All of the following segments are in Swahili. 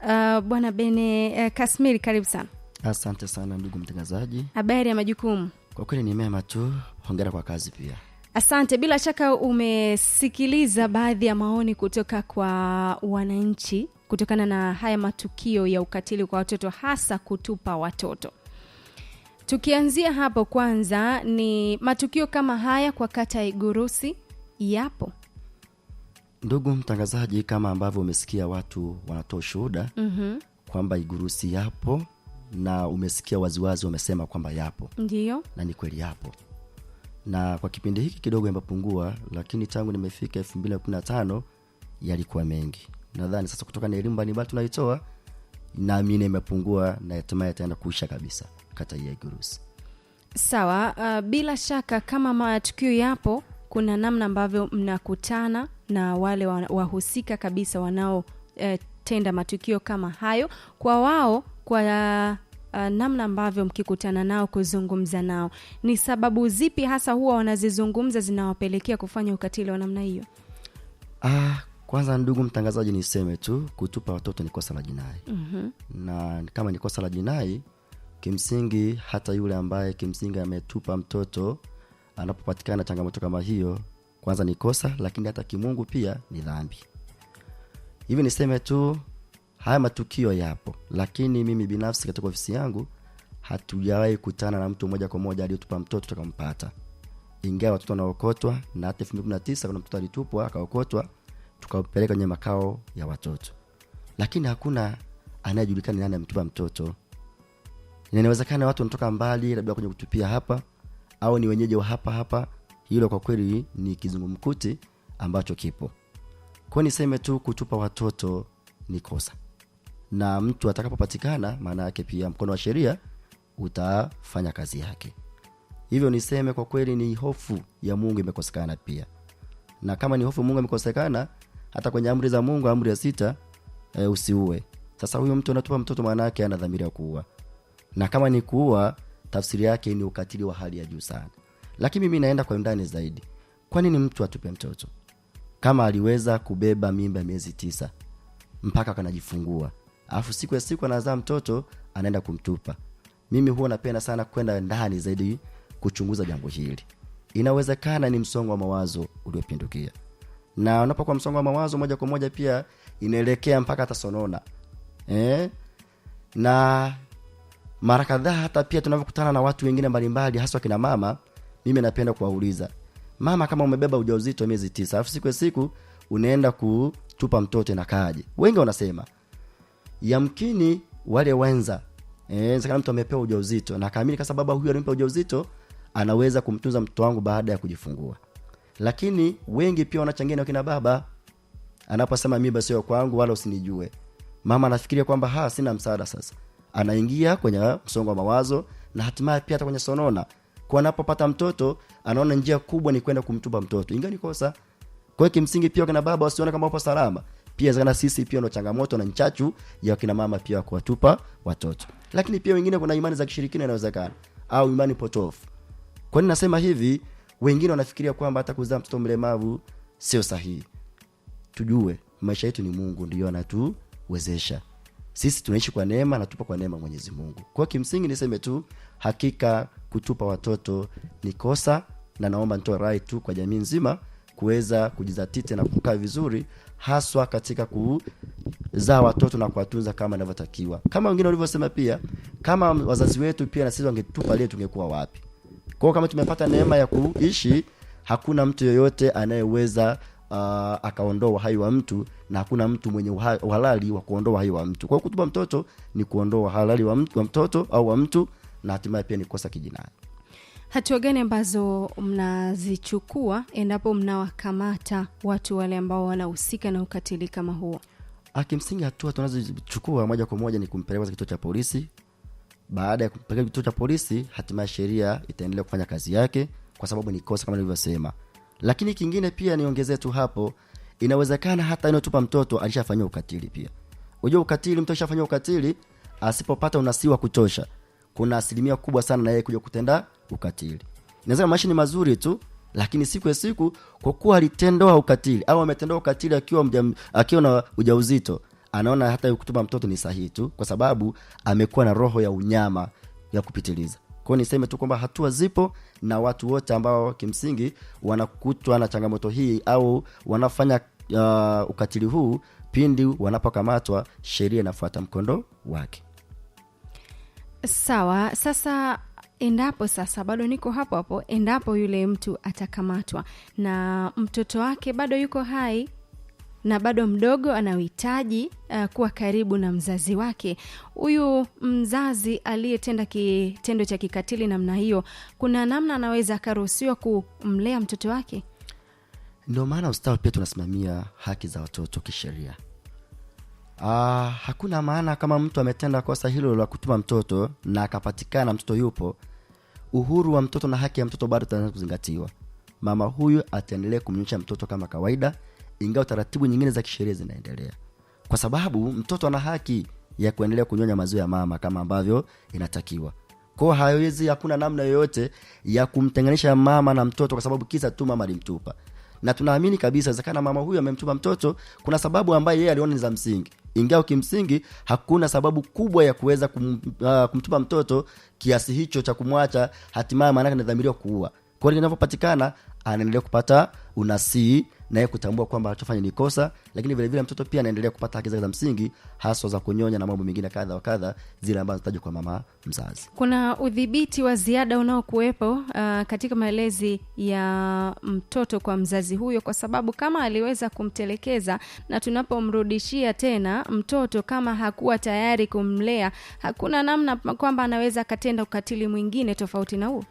Uh, bwana Bene uh, Kasmiri, karibu sana. Asante sana ndugu mtangazaji. Habari ya majukumu? Kwa kweli ni mema tu, hongera kwa kazi pia. Asante. Bila shaka umesikiliza baadhi ya maoni kutoka kwa wananchi kutokana na haya matukio ya ukatili kwa watoto, hasa kutupa watoto. Tukianzia hapo, kwanza ni matukio kama haya kwa kata ya Igurusi yapo Ndugu mtangazaji, kama ambavyo umesikia watu wanatoa ushuhuda mm -hmm. kwamba Igurusi yapo na umesikia waziwazi wamesema kwamba yapo. ndio na ni kweli yapo, na kwa kipindi hiki kidogo yamepungua, lakini tangu nimefika tano yalikuwa mengi. Nadhani sasa kutoka na elimu mbalimbali tunaitoa, naamini imepungua na hatimaye ataenda kuisha kabisa kata ya Igurusi. Sawa. Uh, bila shaka kama matukio yapo kuna namna ambavyo mnakutana na wale wahusika kabisa wanaotenda eh, matukio kama hayo kwa wao kwa uh, namna ambavyo mkikutana nao kuzungumza nao ni sababu zipi hasa huwa wanazizungumza zinawapelekea kufanya ukatili wa namna hiyo ah, kwanza ndugu mtangazaji niseme tu kutupa watoto ni kosa la jinai mm-hmm. na kama ni kosa la jinai kimsingi hata yule ambaye kimsingi ametupa mtoto anapopatikana changamoto kama hiyo kwanza ni kosa lakini hata kimungu pia ni dhambi hivi niseme tu haya matukio yapo lakini mimi binafsi katika ofisi yangu hatujawahi kutana na mtu moja kwa moja aliyotupa mtoto tukampata ingawa watoto wanaokotwa na hata elfu kuna mtoto alitupwa akaokotwa tukapeleka kwenye makao ya watoto lakini hakuna anayejulikana nani ametupa mtoto inawezekana watu wanatoka mbali labda kwenye kutupia hapa au ni wenyeji wa hapa hapa, hilo kwa kweli ni kizungumkuti ambacho kipo. Kwa niseme tu, kutupa watoto ni kosa, na mtu atakapopatikana, maana yake pia mkono wa sheria utafanya kazi yake. Hivyo niseme kwa kweli, ni hofu ya Mungu imekosekana pia, na kama ni hofu Mungu imekosekana, hata kwenye amri za Mungu, amri ya sita, e, usiue. Sasa huyo mtu anatupa mtoto, maana yake ana dhamira ya kuua, na kama ni kuua tafsiri yake ni ukatili wa hali ya juu sana. Lakini mimi naenda kwa undani zaidi. Kwa nini mtu atupe mtoto kama aliweza kubeba mimba miezi tisa mpaka kanajifungua, alafu siku ya siku anazaa mtoto anaenda kumtupa? Mimi huwa napenda sana kwenda ndani zaidi kuchunguza jambo hili. Inawezekana ni msongo wa mawazo uliopindukia, na unapokuwa msongo wa mawazo moja kwa moja pia inaelekea mpaka atasonona eh? na mara kadhaa hata pia tunavyokutana na watu wengine mbalimbali hasa kina mama mimi napenda kuwauliza mama kama umebeba ujauzito miezi tisa alafu siku ya siku unaenda kutupa mtoto inakaaje wengi wanasema yamkini wale wenza eh kama mtu amepewa ujauzito na kaamini kwa sababu huyu alimpa ujauzito anaweza kumtunza mtoto wangu baada ya kujifungua lakini wengi pia wanachangia na kina baba anaposema mimba sio kwangu wala usinijue mama anafikiria kwamba ha sina msaada sasa anaingia kwenye msongo wa mawazo na hatimaye pia hata kwenye sonona kwa anapopata mtoto anaona njia kubwa ni kwenda kumtupa mtoto ingawa ni kosa kwa kimsingi pia kina baba wasiona kama wapo salama pia zana sisi pia ndo changamoto na nchachu ya kina mama pia kuwatupa watoto lakini pia wengine kuna imani za kishirikina inawezekana au imani potofu kwa nini nasema hivi wengine wanafikiria kwamba hata kuzaa mtoto mlemavu sio sahihi tujue maisha yetu ni mungu ndiyo anatuwezesha sisi tunaishi kwa neema natupa kwa neema Mwenyezi Mungu. Kwa kimsingi niseme tu, hakika kutupa watoto ni kosa, na naomba nitoe rai tu kwa jamii nzima kuweza kujizatiti na kukaa vizuri, haswa katika kuzaa watoto na kuwatunza kama inavyotakiwa. Kama wengine walivyosema pia, kama wazazi wetu pia na sisi wangetupa lie tungekuwa wapi? kwao kama tumepata neema ya kuishi, hakuna mtu yoyote anayeweza uh, akaondoa uhai wa mtu na hakuna mtu mwenye uhalali wa kuondoa uhai wa mtu kwao kutupa mtoto ni kuondoa uhalali wa, wa mtoto au wa mtu na hatimaye pia ni kosa kijinai hatua gani ambazo mnazichukua endapo mnawakamata watu wale ambao wanahusika na ukatili kama huo ah, kimsingi hatua tunazochukua moja kwa moja ni kumpeleka kituo cha polisi baada ya kumpeleka kituo cha polisi hatimaye sheria itaendelea kufanya kazi yake kwa sababu ni kosa kama nilivyosema lakini kingine pia niongezee tu hapo, inawezekana hata inayotupa mtoto alishafanyia ukatili pia. Unajua ukatili, mtu alishafanyia ukatili, asipopata unasii wa kutosha, kuna asilimia kubwa sana na yeye kuja kutenda ukatili. Naweza maisha ni mazuri tu, lakini siku ya siku, kwa kuwa alitendoa ukatili au ametendoa ukatili akiwa akiwa na ujauzito, anaona hata kutupa mtoto ni sahihi tu, kwa sababu amekuwa na roho ya unyama ya kupitiliza kwao niseme tu kwamba hatua zipo na watu wote ambao kimsingi wanakutwa na changamoto hii au wanafanya uh, ukatili huu pindi wanapokamatwa sheria inafuata mkondo wake sawa sasa endapo sasa bado niko hapo hapo endapo yule mtu atakamatwa na mtoto wake bado yuko hai na bado mdogo anauhitaji uh, kuwa karibu na mzazi wake huyu mzazi aliyetenda kitendo cha kikatili namna hiyo kuna namna anaweza akaruhusiwa kumlea mtoto wake ndio maana ustawi pia tunasimamia haki za watoto kisheria uh, hakuna maana kama mtu ametenda kosa hilo la kutuma mtoto na akapatikana mtoto yupo uhuru wa mtoto na haki ya mtoto bado tutaanza kuzingatiwa mama huyu ataendelea kumnyonyesha mtoto kama kawaida ingawa taratibu nyingine za kisheria zinaendelea, kwa sababu mtoto ana haki ya kuendelea kunyonya maziwa ya mama kama ambavyo inatakiwa. kwao hawezi, hakuna namna yoyote ya kumtenganisha mama na mtoto kwa sababu kisa tu mama alimtupa, na tunaamini kabisa zekana mama huyu amemtupa mtoto, kuna sababu ambayo yeye aliona ni za msingi, ingawa kimsingi hakuna sababu kubwa ya kuweza kum, uh, kumtupa mtoto kiasi hicho cha kumwacha hatimaye, maanake anadhamiriwa kuua. kwao linavyopatikana, anaendelea kupata unasii naye kutambua kwamba alichofanya ni kosa lakini vilevile vile mtoto pia anaendelea kupata haki zake za msingi haswa za kunyonya na mambo mengine kadha wa kadha zile ambazo zinatajwa kwa mama mzazi kuna udhibiti wa ziada unaokuwepo uh, katika malezi ya mtoto kwa mzazi huyo kwa sababu kama aliweza kumtelekeza na tunapomrudishia tena mtoto kama hakuwa tayari kumlea hakuna namna kwamba anaweza akatenda ukatili mwingine tofauti na huo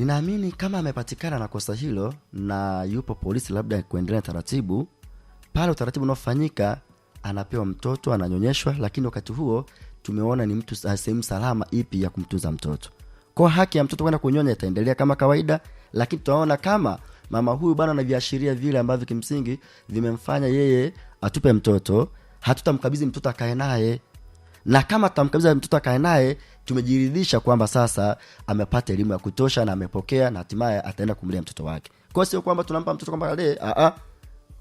Ninaamini kama amepatikana na kosa hilo na yupo polisi, labda kuendelea na taratibu pale, utaratibu unaofanyika anapewa mtoto, ananyonyeshwa, lakini wakati huo tumeona ni mtu sehemu salama ipi ya kumtunza mtoto. Kwa haki ya mtoto kwenda kunyonya itaendelea kama kawaida, lakini tunaona kama mama huyu bana ana vile ambavyo kimsingi vimemfanya yeye atupe mtoto, hatutamkabidhi mtoto akae naye na kama tutamkabidhi mtoto akae naye tumejiridhisha kwamba sasa amepata elimu ya kutosha na amepokea na hatimaye ataenda kumlea mtoto wake kwao sio kwamba tunampa mtoto kwamba le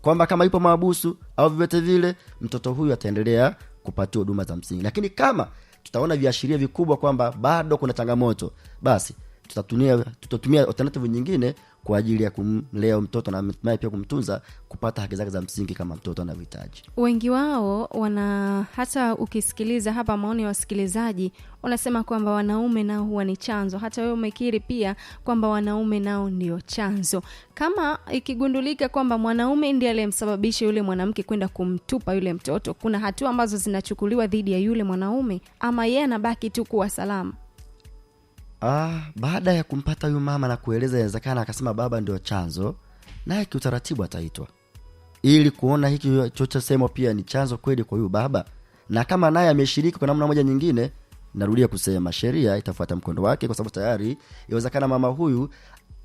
kwamba kama ipo maabusu au vyovyote vile mtoto huyu ataendelea kupatiwa huduma za msingi lakini kama tutaona viashiria vikubwa kwamba bado kuna changamoto basi tutatumia tutatumia alternative nyingine kwa ajili ya kumlea mtoto na hatimaye pia kumtunza kupata haki zake za msingi kama mtoto anavyohitaji wengi wao wana hata ukisikiliza hapa maoni ya wasikilizaji unasema kwamba wanaume nao huwa ni chanzo hata wewe umekiri pia kwamba wanaume nao ndio chanzo kama ikigundulika kwamba mwanaume ndiye aliyemsababisha yule mwanamke kwenda kumtupa yule mtoto kuna hatua ambazo zinachukuliwa dhidi ya yule mwanaume ama yeye anabaki tu kuwa salama Ah, baada ya kumpata huyu mama na kueleza inawezekana akasema baba ndio chanzo, naye kiutaratibu ataitwa ili kuona hiki chochosemo pia ni chanzo kweli kwa huyu baba, na kama naye ameshiriki kwa namna moja nyingine, narudia kusema sheria itafuata mkondo wake, kwa sababu tayari inawezekana mama huyu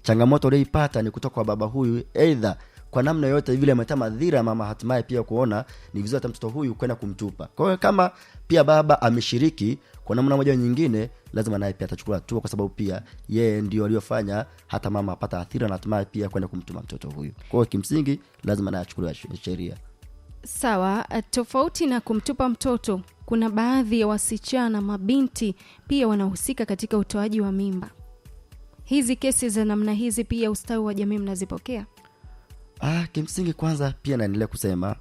changamoto aliyoipata ni kutoka kwa baba huyu, either kwa namna yoyote vile ameleta madhira mama, hatimaye pia kuona ni vizuri hata mtoto huyu kwenda kumtupa. Kwa hiyo kama pia baba ameshiriki kwa namna moja nyingine, lazima naye pia atachukua hatua, kwa sababu pia yeye ndio aliyofanya hata mama apata athira na hatimaye pia kwenda kumtuma mtoto huyu. Kwa hiyo kimsingi, lazima naye achukuliwe sheria. Sawa, tofauti na kumtupa mtoto, kuna baadhi ya wasichana mabinti pia wanahusika katika utoaji wa mimba. Hizi kesi za namna hizi pia ustawi wa jamii mnazipokea? Ah, kimsingi kwanza pia naendelea kusema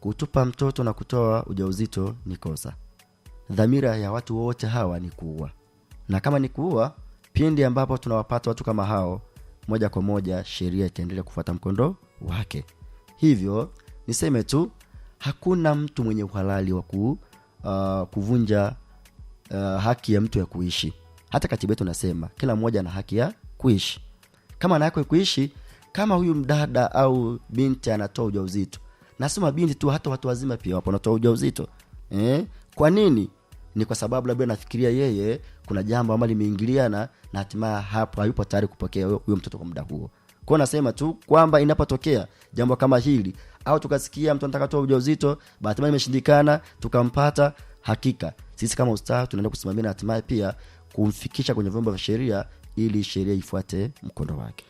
kutupa mtoto na kutoa ujauzito ni kosa. Dhamira ya watu wote hawa ni kuua, na kama ni kuua, pindi ambapo tunawapata watu kama hao, moja kwa moja sheria itaendelea kufuata mkondo wake. Hivyo niseme tu, hakuna mtu mwenye uhalali wa ku, uh, kuvunja uh, haki ya mtu ya kuishi. Hata katiba yetu nasema kila mmoja ana haki ya kuishi. Kama anayako kuishi kama huyu mdada au binti anatoa ujauzito nasema binti tu hata watu wazima pia wapo wanatoa ujauzito eh? kwa nini ni kwa sababu labda nafikiria yeye kuna jambo ambalo limeingiliana na hatimaye hapo hayupo tayari kupokea huyo mtoto kwa muda huo kwao nasema tu kwamba inapotokea jambo kama hili au tukasikia mtu anataka toa ujauzito bahatimaye imeshindikana tukampata hakika sisi kama usta tunaenda kusimamia na hatimaye pia kumfikisha kwenye vyombo vya sheria ili sheria ifuate mkondo wake